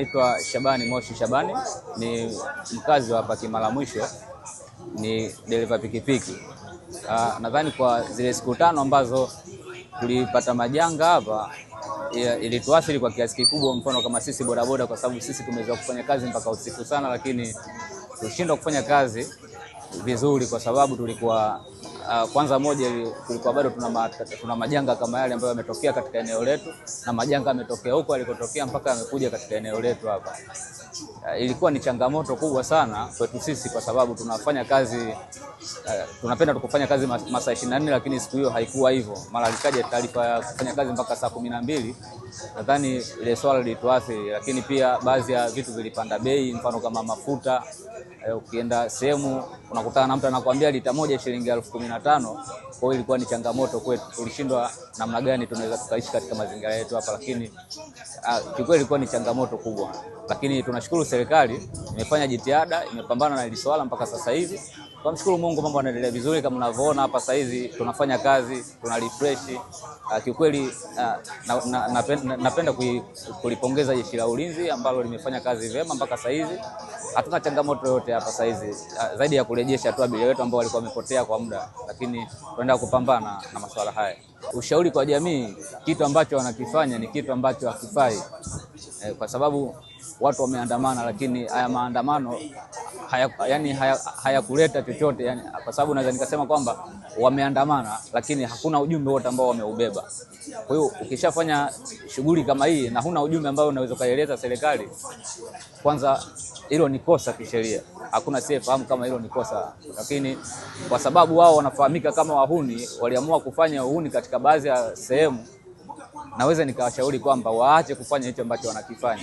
naitwa Shabani Moshi Shabani, ni mkazi wa hapa Kimara Mwisho, ni dereva pikipiki. Ah, nadhani kwa zile siku tano ambazo tulipata majanga hapa ilituathiri kwa kiasi kikubwa, mfano kama sisi bodaboda, kwa sababu sisi tumeweza kufanya kazi mpaka usiku sana, lakini tulishindwa kufanya kazi vizuri kwa sababu tulikuwa uh, kwanza moja, kulikuwa bado tuna, tuna majanga kama yale ambayo yametokea katika eneo letu na majanga yametokea huko alikotokea mpaka yamekuja katika eneo letu hapa uh, ilikuwa ni changamoto kubwa sana kwetu sisi, kwa sababu tunafanya kazi uh, tunapenda tukufanya kazi masaa ishirini na nne lakini siku hiyo haikuwa hivyo. Mara likaja taarifa ya kufanya kazi mpaka saa kumi na mbili. Nadhani ile swala lilituathiri, lakini pia baadhi ya vitu vilipanda bei, mfano kama mafuta uh, ukienda sehemu unakutana na mtu anakuambia lita moja shilingi elfu kumi na tano. Kwa hiyo ilikuwa ni changamoto kwetu, tulishindwa namna gani tunaweza tukaishi katika mazingira yetu hapa, lakini uh, kiukweli ilikuwa ni changamoto kubwa, lakini tuna tunashukuru serikali imefanya jitihada, imepambana na hili swala mpaka sasa hivi. Tunamshukuru Mungu, mambo yanaendelea vizuri. Kama unavyoona hapa sasa hivi tunafanya kazi, tuna refresh ah, kiukweli. Napenda ah, na, na, na, na, kulipongeza jeshi la ulinzi ambalo limefanya kazi vyema mpaka sasa hivi. Hatuna changamoto yoyote hapa sasa hivi ah, zaidi ya kurejesha tu abiria wetu ambao walikuwa wamepotea kwa muda, lakini tunaenda kupambana na masuala haya. Ushauri kwa jamii, kitu ambacho wanakifanya ni kitu ambacho hakifai eh, kwa sababu watu wameandamana, lakini haya maandamano haya, yani hayakuleta haya chochote yani, kwa sababu naweza nikasema kwamba wameandamana, lakini hakuna ujumbe wote ambao wameubeba. Kwa hiyo ukishafanya shughuli kama hii na huna ujumbe ambao unaweza ukaeleza serikali, kwanza hilo ni kosa kisheria, hakuna siyefahamu kama hilo ni kosa, lakini kwa sababu wao wanafahamika kama wahuni, waliamua kufanya uhuni katika baadhi ya sehemu naweza nikawashauri kwamba waache kufanya hicho ambacho wanakifanya.